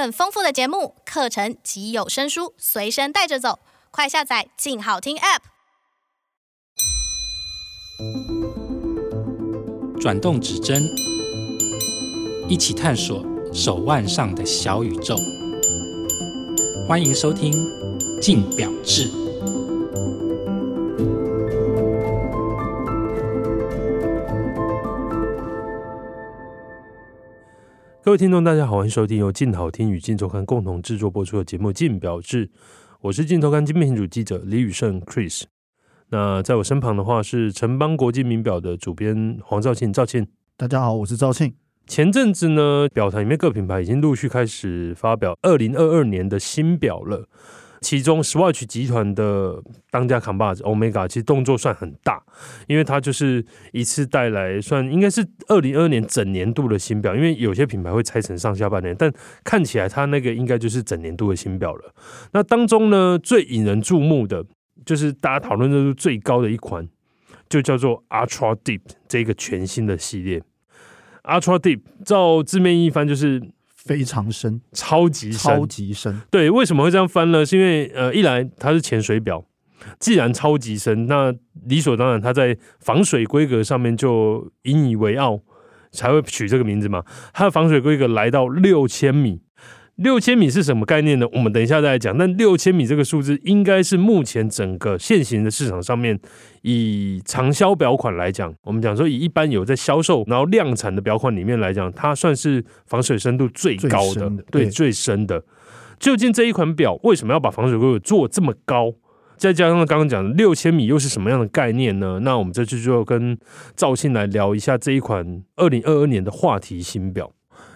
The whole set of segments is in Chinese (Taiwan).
更豐富的節目、課程及有聲書隨身帶着走，快下載“鏡好聽 ”App。轉動指針，一起探索手腕上的小宇宙。歡迎收聽《鏡錶誌》。各位聽眾，大家好，歡迎收聽由鏡好聽與鏡週刊共同制作播出的節目《鏡錶誌》，我是鏡週刊精品主記者李宇勝 Chris。那在我身旁的話是城邦國際名表的主編黃兆慶，兆慶，大家好，我是兆慶。前陣子呢，錶壇裡面各品牌已經陸續開始發表二零二二年的新表了。其中，Swatch 集團的當家扛把子 Omega 其實動作算很大，因為它就是一次帶來算應該是二零二二年整年度的新表，因為有些品牌會拆成上下半年，但看起來它那個應該就是整年度的新表了。那當中呢，最引人注目的就是大家討論熱度最高的一款，就叫做 Ultra Deep 這個全新的系列。Ultra Deep 照字面意翻就是。非常深，超級深，超級深。對，為什麼會這樣翻呢？是因為呃，一來它是潛水錶，既然超級深，那理所當然它在防水規格上面就引以為傲，才會取這個名字嘛。它的防水規格來到六千米。六千米是什麼概念呢？我們等一下再來講。那六千米這個數字，應該是目前整個現行的市場上面，以長銷表款來講，我們講說以一般有在銷售然後量產的表款裡面來講，它算是防水深度最高的，深對，對最深的。究竟，這一款表為什麼要把防水規格做這麼高？再加上剛剛講的六千米又是什麼樣的概念呢？那我們這次就跟兆慶來聊一下這一款二零二二年的話題新表。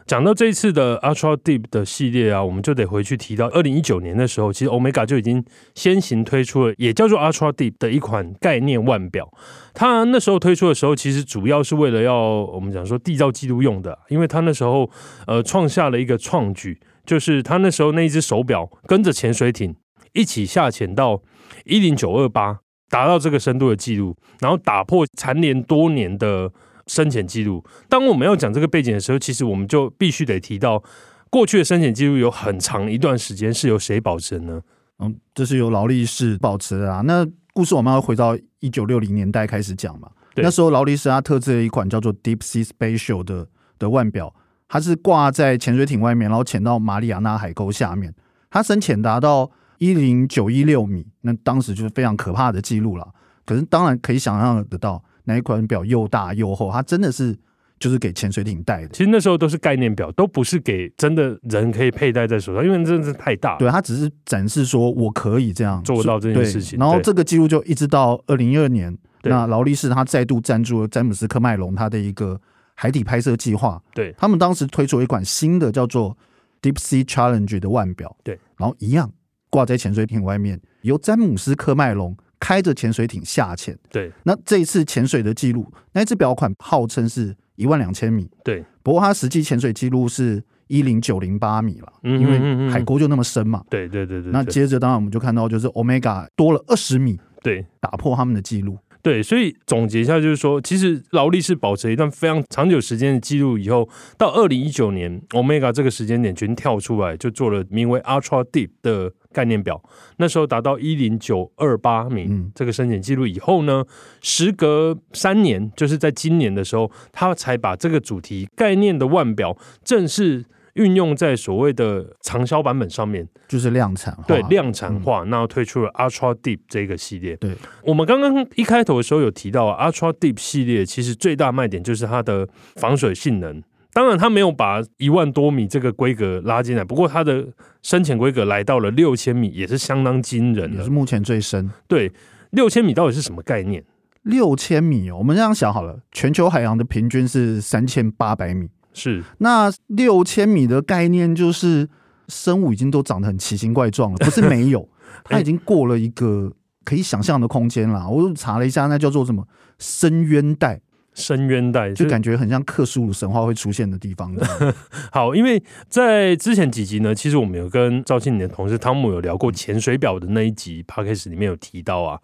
講到這一次的 Ultra Deep 的系列啊，我們就得回去提到二零一九年的時候，其實 Omega 就已經先行推出了也叫做 Ultra Deep 的一款概念腕錶。它那時候推出的時候，其實主要是為了要我們講說締造紀錄用的，因為它那時候呃創下了一個創舉，就是它那時候那一只手錶跟着潛水艇一起下潛到一零九二八，達到這個深度的紀錄，然後打破蟬聯多年的深潛記錄，當我們要講這個背景的時候，其實我們就必須得提到過去的深潛記錄有很長一段時間是由誰保持的呢？嗯，這是由勞力士保持的啊。那故事我們要回到一九六零年代開始講嘛。對那時候勞力士它特制了一款叫做 Deep Sea Special 的的腕錶，它是掛在潛水艇外面，然後潛到馬里亞納海溝下面，它深潛達到一零九一六米，那當時就是非常可怕的記錄了。可是當然可以想象得到，哪一款表又大又厚？它真的是就是給潛水艇戴的。其實那時候都是概念表，都不是給真的人可以佩戴在手上，因為真的是太大。對，它只是展示說我可以這樣做到這件事情。然後這個記錄就一直到二零一二年，對那勞力士他再度贊助了詹姆斯·科麥隆他的一個海底拍攝計劃。對，他們當時推出了一款新的叫做 Deep Sea Challenge 的腕表。對，然後一樣掛在潛水艇外面，由詹姆斯·科麥隆。開着潛水艇下潛，對。那這一次潛水的記錄，那一隻表款號稱是一萬兩千米，對。不過它實際潛水記錄是一零九零八米了，嗯哼嗯哼，因為海溝就那麼深嘛。對對，對對對對。那接着當然我們就看到，就是 Omega 多了二十米，對，打破他們的記錄。對，所以總結一下，就是說，其實勞力士保持一段非常長久時間的記錄以後，到二零一九年，OMEGA 這個時間點全跳出來，就做了名為 Ultra Deep 的概念錶，那時候達到一零九二八米這個深潛記錄以後呢，時隔三年，就是在今年的時候，他才把這個主題概念的腕錶正式。運用在所謂的長銷版本上面，就是量產化，對，量產化，那推出了 Ultra Deep 這個系列。對，我們剛剛一開頭的時候有提到，Ultra Deep 系列其實最大賣點就是它的防水性能。當然，它沒有把一萬多米這個規格拉進來，不過它的深潛規格來到了六千米，也是相當驚人的，也是目前最深。對，六千米到底是什麼概念？六千米哦、喔，我們這樣想好了，全球海洋的平均是三千八百米。是，那六千米的概念就是生物已經都長得很奇形怪狀了，不是沒有， 它已經過了一個可以想象的空間了。我查了一下，那叫做什麼深淵帶，深淵帶，就感覺很像克蘇魯神話會出現的地方的。 好，因為在之前幾集呢，其實我們有跟兆慶的同事湯姆有聊過潛水表的那一集 Podcast 裡面有提到啊，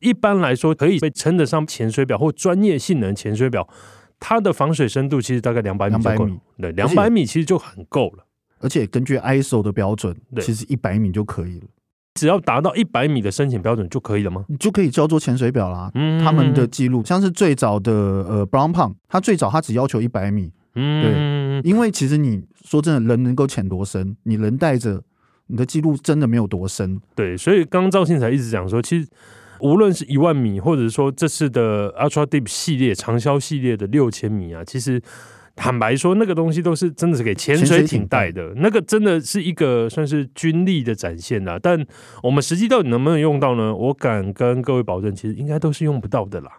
一般來說可以被稱得上潛水表或專業性能潛水表，它的防水深度其實大概兩百米，兩百米對，兩百米其實就很夠了而。而且根據 ISO 的標準，對，其實一百米就可以了。只要達到一百米的深潛標準就可以了嗎？你就可以叫做潛水表啦。嗯，他們的記錄像是最早的呃 Brown Pump，它最早它只要求一百米。對，嗯，因為其實你說真的，人能夠潛多深？你人帶着你的記錄真的沒有多深。對，所以剛剛兆慶才一直講說，其實。無論是一萬米，或者說這次的 Ultra Deep 系列長銷系列的六千米啊，其實坦白說，那個東西都是真的是給潛水艇帶的，帶的那個真的是一個算是軍力的展現啦、啊。但我們實際到底能不能用到呢？我敢跟各位保證，其實應該都是用不到的啦。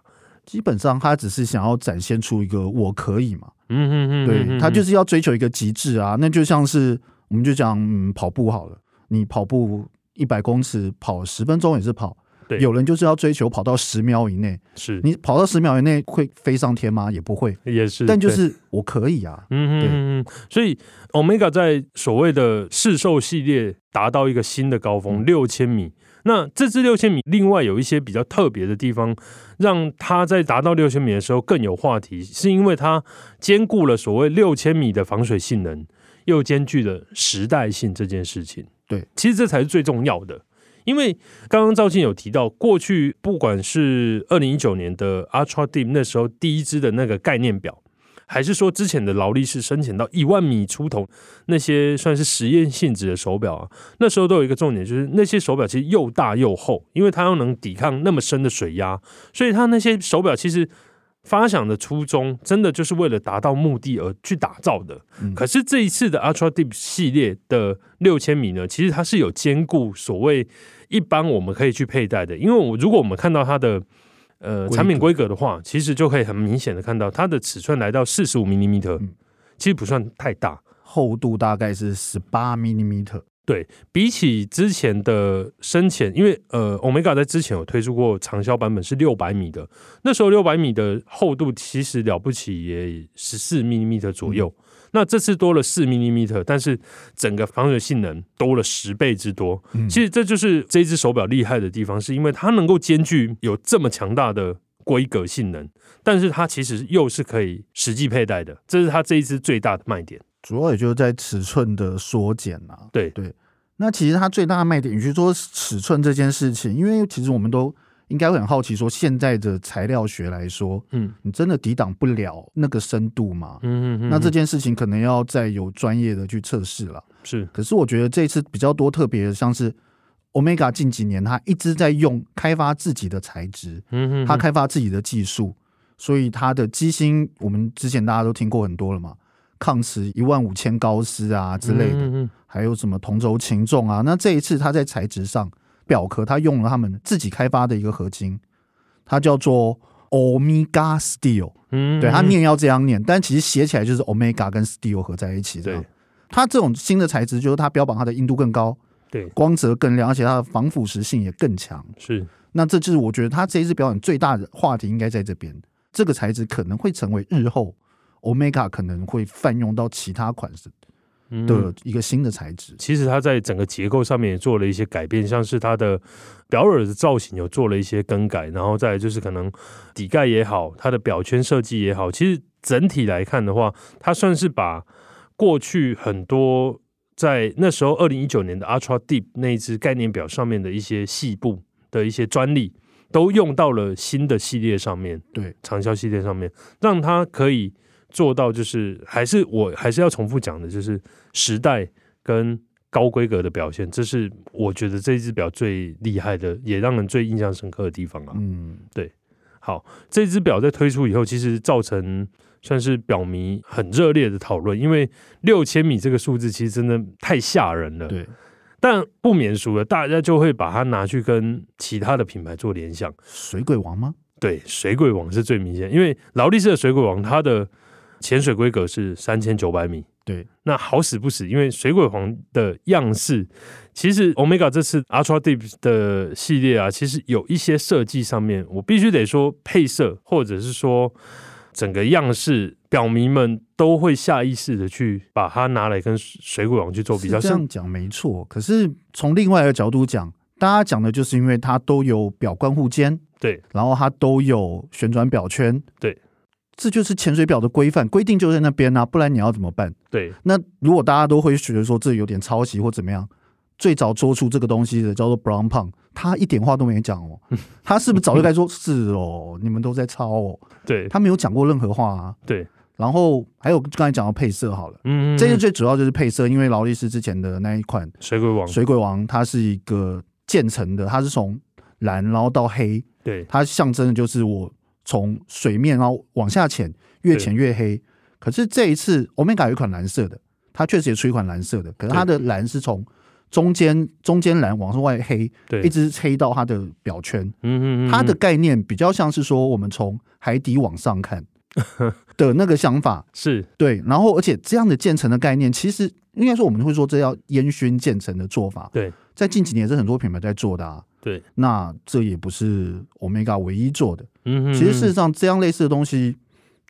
基本上，他只是想要展現出一個我可以嘛。嗯哼哼對嗯嗯，對他就是要追求一個極致啊。那就像是我們就講、嗯、跑步好了，你跑步一百公尺跑十分鐘也是跑。對有人就是要追求跑到十秒以內，是你跑到十秒以內會飛上天嗎？也不會，也是。但就是我可以啊，嗯嗯嗯。所以 Omega 在所謂的試售系列達到一個新的高峰六千、嗯、米。那這支六千米，另外有一些比較特別的地方，讓它在達到六千米的時候更有話題，是因為它兼顧了所謂六千米的防水性能，又兼具了時代性這件事情。對，其實這才是最重要的。因為剛剛趙靜有提到，過去不管是二零一九年的 Ultra Deep 那時候第一支的那個概念錶，還是說之前的勞力士深潛到一萬米出頭那些算是實驗性質的手錶啊，那時候都有一個重點，就是那些手錶其實又大又厚，因為它要能抵抗那麼深的水壓，所以它那些手錶其實。發想的初衷，真的就是為了達到目的而去打造的。可是這一次的 Ultra Deep 系列的六千米呢，其實它是有兼顧所謂一般我們可以去佩戴的，因為我如果我們看到它的呃產品規格的話，其實就可以很明顯的看到它的尺寸來到四十五毫米，其實不算太大，厚度大概是十八毫米。對，比起之前的深潛，因為呃，歐米伽在之前有推出過長銷版本是六百米的，那時候六百米的厚度其實了不起，也十四毫米的左右。嗯、那這次多了四毫米米特，但是整個防水性能多了十倍之多。嗯、其實這就是這一只手錶厲害的地方，是因為它能夠兼具有這麼強大的規格性能，但是它其實又是可以實際佩戴的，這是它這一只最大的賣點。主要也就是在尺寸的縮減啊，對對。那其實它最大的賣點，你去說尺寸這件事情，因為其實我們都應該會很好奇，說現在的材料學來說，嗯，你真的抵擋不了那個深度嗎？嗯哼嗯嗯。那這件事情可能要再有專業的去測試了。是。可是我覺得這一次比較多特別的像是 Omega 近幾年它一直在用開發自己的材質，嗯嗯，它開發自己的技術，所以它的機芯，我們之前大家都聽過很多了嘛。抗磁一萬五千高斯啊之類的，還有什麼同軸擒縱啊？那這一次他在材質上，錶殼他用了他們自己開發的一個合金，它叫做 Omega Steel。嗯、嗯，對，它念要這樣念，但其實寫起來就是 Omega 跟 Steel 合在一起的。它這種新的材質，就是它標榜它的硬度更高，對，光澤更亮，而且它的防腐蝕性也更強。是，那這就是我覺得它這一次表演最大的話題應該在這邊，這個材質可能會成為日後。Omega 可能會泛用到其他款式的、嗯、一個新的材質。其實它在整個結構上面也做了一些改變，嗯、像是它的表耳的造型有做了一些更改，然後再來就是可能底蓋也好，它的表圈設計也好，其實整體來看的話，它算是把過去很多在那時候二零一九年的 Ultra Deep 那一支概念表上面的一些細部的一些專利，都用到了新的系列上面，對，長銷系列上面，讓它可以。做到就是還是我還是要重複講的，就是時代跟高規格的表現，這是我覺得這一支表最厲害的，也讓人最印象深刻的地方啊。嗯，對。好，這支表在推出以後，其實造成算是表迷很熱烈的討論，因為六千米這個數字其實真的太嚇人了。對。但不免俗了，大家就會把它拿去跟其他的品牌做聯想。水鬼王嗎？對，水鬼王是最明顯，因為勞力士的水鬼王，它的潛水規格是三千九百米。嗯。對，那好死不死，因為水鬼王的樣式，其實歐米伽這次 Ultra Deep 的系列啊，其實有一些設計上面，我必須得說配色，或者是說整個樣式，錶迷們都會下意識的去把它拿來跟水鬼王去做比較。這樣講沒錯，可是從另外一個角度講，大家講的就是因為它都有錶冠護肩，對，然後它都有旋轉錶圈，對。這就是潛水表的規範，規定就在那邊啊，不然你要怎麼辦？對。那如果大家都會覺得說這有點抄襲或怎麼樣，最早做出這個東西的叫做 Blancpain，他一點話都沒講哦，他是不是早就該說 是哦？你們都在抄哦，對，他沒有講過任何話啊。對。然後還有剛才講到配色好了，嗯,嗯嗯，這最主要就是配色，因為勞力士之前的那一款水鬼王，水鬼王它是一個漸層的，它是從藍然後到黑，對，它象徵的就是我。從水面然後往下潛，越潛越黑。對可是這一次，歐米茄有一款藍色的，它確實也出一款藍色的。可是它的藍是從中間對中間藍往外黑對一直黑到它的錶圈。嗯哼嗯哼，它的概念比較像是說我們從海底往上看的那個想法， 是，對。然後，而且這樣的漸層的概念，其實應該說我們會說這叫煙熏漸層的做法。對，在近幾年是很多品牌在做的啊。對，那這也不是 Omega 唯一做的。嗯、哼其實事實上，這樣類似的東西，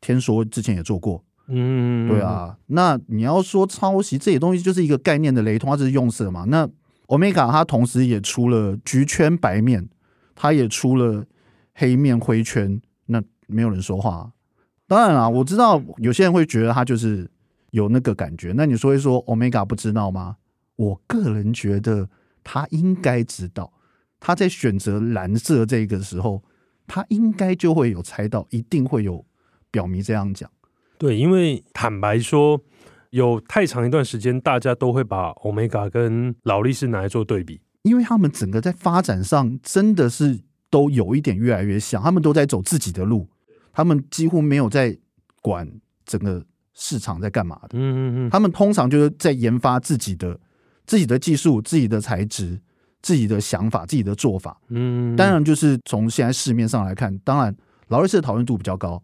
天梭之前也做過。嗯哼，對啊。那你要說抄襲這些東西，就是一個概念的雷同，它是用色嘛？那 Omega 它同時也出了橘圈白面，它也出了黑面灰圈，那沒有人說話。當然啦、啊、我知道有些人會覺得他就是有那個感覺。那你說一說，Omega 不知道嗎？我個人覺得他應該知道。他在選擇藍色這個時候，他應該就會有猜到，一定會有表迷這樣講。對，因為坦白說，有太長一段時間，大家都會把歐米伽跟勞力士拿來做對比，因為他們整個在發展上真的是都有一點越來越像，他們都在走自己的路，他們幾乎沒有在管整個市場在幹嘛的。嗯嗯嗯，他們通常就是在研發自己的自己的技術、自己的材質。自己的想法，自己的做法，嗯，嗯，當然就是從現在市面上來看，當然勞力士的討論度比較高，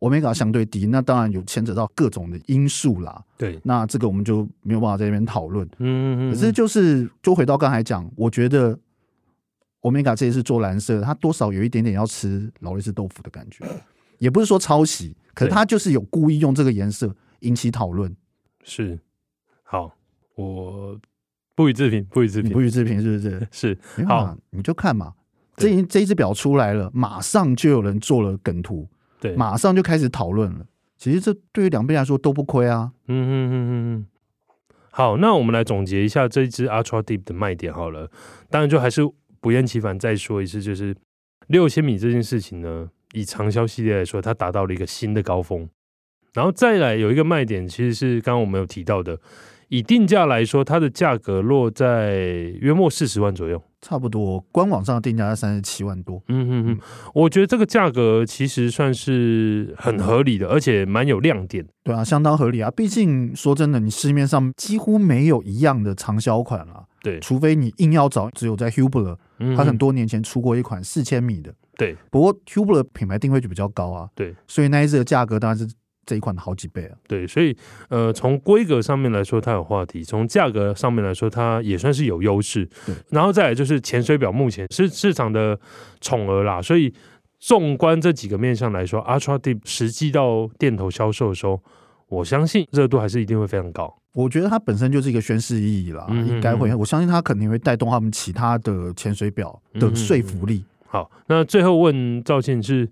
歐米伽相對低，那當然有牽扯到各種的因素啦。對，那這個我們就沒有辦法在這邊討論。嗯，嗯，嗯，可是就是，就回到剛才講，我覺得歐米伽這一次做藍色，它多少有一點點要吃勞力士豆腐的感覺， 也不是說抄襲，可是他就是有故意用這個顏色引起討論。是，好，我。不予置評，不予置評，不予置評，是不是？是好、欸啊，你就看嘛，這一這一隻錶出來了，對馬上就有人做了梗圖，對，馬上就開始討論了。其實這對於兩邊來說都不虧啊。嗯嗯嗯嗯嗯。好，那我們來總結一下這一只 Ultra Deep 的賣點好了。當然，就還是不厭其煩再說一次，就是六千米這件事情呢，以長銷系列來說，它達到了一個新的高峰。然後再來有一個賣點，其實是剛剛我們有提到的。以定價來說，它的價格落在約莫四十萬左右，差不多。官網上的定價在三十七萬多。嗯嗯嗯，我覺得這個價格其實算是很合理的，而且蠻有亮點。對啊，相當合理啊！畢竟說真的，你市面上幾乎沒有一樣的長銷款啊。對，除非你硬要找，只有在 Hublot，他、嗯、哼很多年前出過一款四千米的。對，不過 Hublot 品牌定位就比較高啊。對，所以那一隻的價格當然是這一款的好幾倍啊！對，所以呃，從規格上面來說，它有話題；從價格上面來說，它也算是有優勢。對然後再來就是潛水表，目前是市場的寵兒啦。所以，縱觀這幾個面向來說，Ultra Deep 實際到店頭銷售的時候，我相信熱度還是一定會非常高。我覺得它本身就是一個宣示意義啦，嗯嗯應該會。我相信它肯定會帶動他們其他的潛水表的說服力嗯嗯嗯。好，那最後問兆慶是，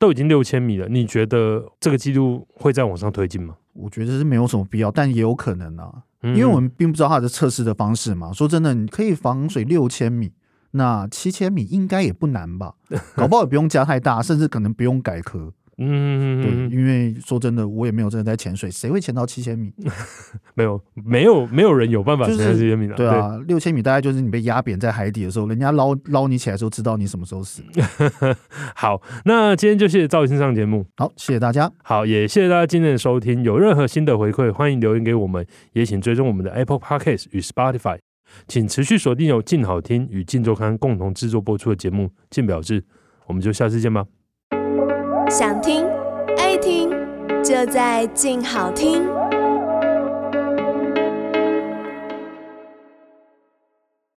都已經六千米了，你覺得這個記錄會再往上推進嗎？我覺得是沒有什麼必要，但也有可能啊，因為我們並不知道它的測試的方式嘛。嗯、說真的，你可以防水六千米，那七千米應該也不難吧？搞不好也不用加太大， 甚至可能不用改殼。嗯， 對，因為說真的，我也沒有真的在潛水，誰會潛到七千米？ 沒有，沒有，沒有人有辦法潛七千米的、啊。就是、對啊，對六千米大概就是你被壓扁在海底的時候，人家撈撈你起來的時候，知道你什麼時候死。 好，那今天就謝謝趙先生的節目，好，謝謝大家，好，也謝謝大家今天的收聽。有任何新的回饋，歡迎留言給我們，也請追蹤我們的 Apple Podcast 與 Spotify。請持續鎖定由鏡好聽與鏡週刊共同製作播出的節目《鏡錶誌》，我們就下次見吧。想聽愛聽，就在靜好聽。